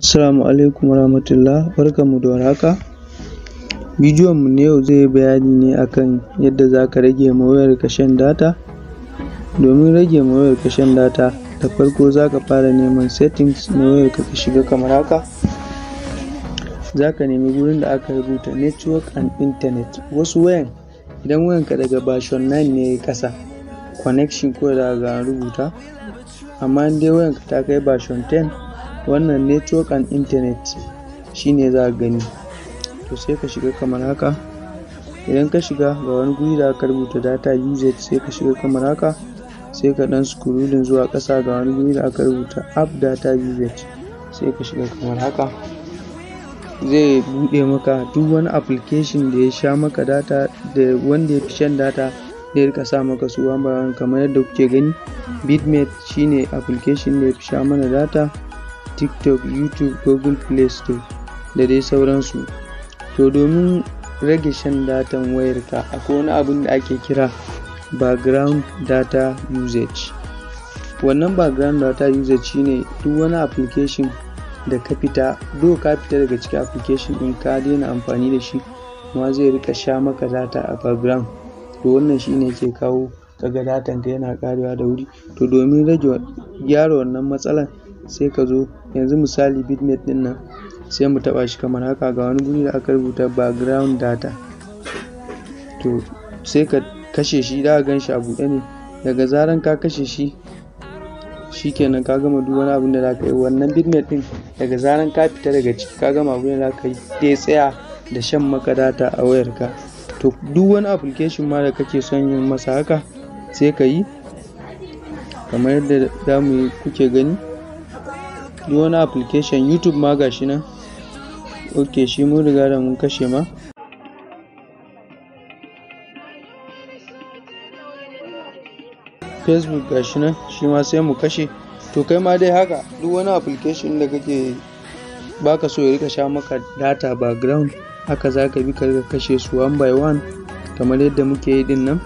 Assalamu alaikum warahmatullah mu da warhaka bidiyon mu na yau zai yi bayani ne akan yadda za ka rage ma ka shan data domin rage ma kashen shan data da farko za ka fara neman settings na wayarka ka shiga kamar haka Za ka nemi gurin da aka rubuta network and internet wasu wayan idan wayanka daga version 9 ne yayi ƙasa connection kawai daga ga rubuta amma in dai wayanka ta kai version 10 wannan network and internet shine za a gani to sai ka shiga kamar haka idan ka shiga ga wani guri da aka rubuta data usage sai ka shiga kamar haka sai ka dan scrolling zuwa ƙasa ga wani guri da aka rubuta app data usage sai ka shiga kamar haka zai buɗe maka duk wani application da ya sha maka data da wanda ya fi shan data zai rika sa maka su kamar yadda kuke gani bitmap shine application da ya fi sha mana data tiktok youtube google play store da dai sauransu to domin rage shan datan wayarka akwai wani abun da ake kira background data usage wannan background data usage shine duk wani application da ka fita do ka fita daga cikin application in ka daina amfani da shi ma zai rika sha maka data a background to wannan shine ke kawo kaga datan ka yana karewa da wuri to domin rage gyara wannan matsalan sai ka zo yanzu misali bitmap din nan sai mu taba shi kamar haka ga wani guri da aka rubuta background data to sai ka kashe shi da gan shi a buɗe ne daga zaran ka kashe shi shikenan ka gama duk wani abin da za yi wannan bitmap din daga zaran ka fita daga ciki ka gama abin da za yi dai tsaya da shan maka data a wayarka to duk wani application ma da kake son yin masa haka sai ka yi kamar yadda za mu kuke gani duk wani application youtube ma gashi nan ok shi mun riga da mun kashe ma facebook gashi nan shi ma sai mu kashe to kai ma dai haka duk wani application da kake baka so ya rika sha maka data background haka za ka bi ka rika kashe su one by one kamar yadda muke yi din nan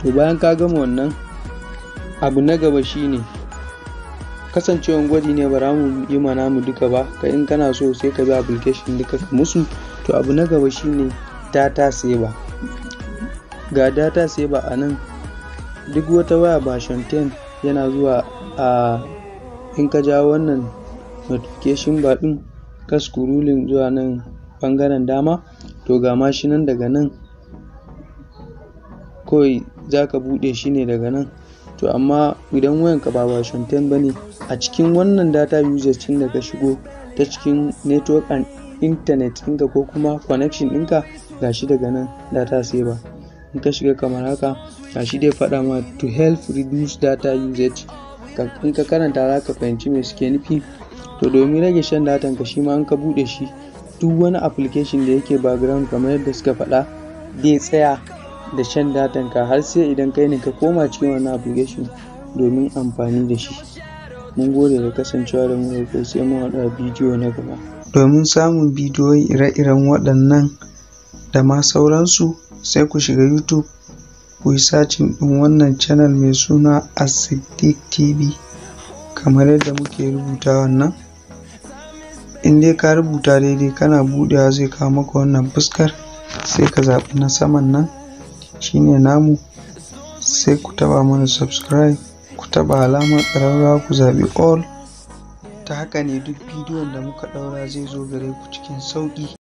to bayan ka gama wannan abu na gaba shine kasancewan gwaji ne ba za mu yi mana mu duka ba ka in kana so sai ka bi application duka ka musu to abu na gaba shine data saver ga data saver a nan duk wata waya ba shantain yana zuwa a in ka ja wannan notification ba din ka scrolling zuwa nan bangaren dama to ga mashinan daga nan kawai za ka buɗe shi ne daga nan to amma idan wayanka ba version 10 ne a cikin wannan data users tun da ka shigo ta cikin network and internet ɗinka ko kuma connection ɗinka shi daga nan data ba in ka shiga kamar haka ga shi dai faɗa ma to help reduce data usage in ka karanta za ka fahimci mai suke nufi to domin rage shan datan ka shi ma in ka buɗe shi duk wani application da yake background kamar yadda suka faɗa zai tsaya da shan datan ka har sai idan kai ne ka koma cikin wannan application domin amfani da shi mun gode da kasancewa da mu ko sai mun hada bidiyo na gaba domin samun bidiyoyi ire-iren waɗannan da ma sauransu sai ku shiga youtube ku yi sacin ɗin wannan channel mai suna acidic tv kamar yadda muke rubuta wannan in dai ka rubuta daidai kana buɗewa zai kawo maka wannan fuskar sai ka zaɓi na saman nan shine namu sai ku taba mana subscribe ku taba alamar ƙararrawa ku zaɓi all ta haka ne duk bidiyon da muka ɗaura zai zo gare ku cikin sauƙi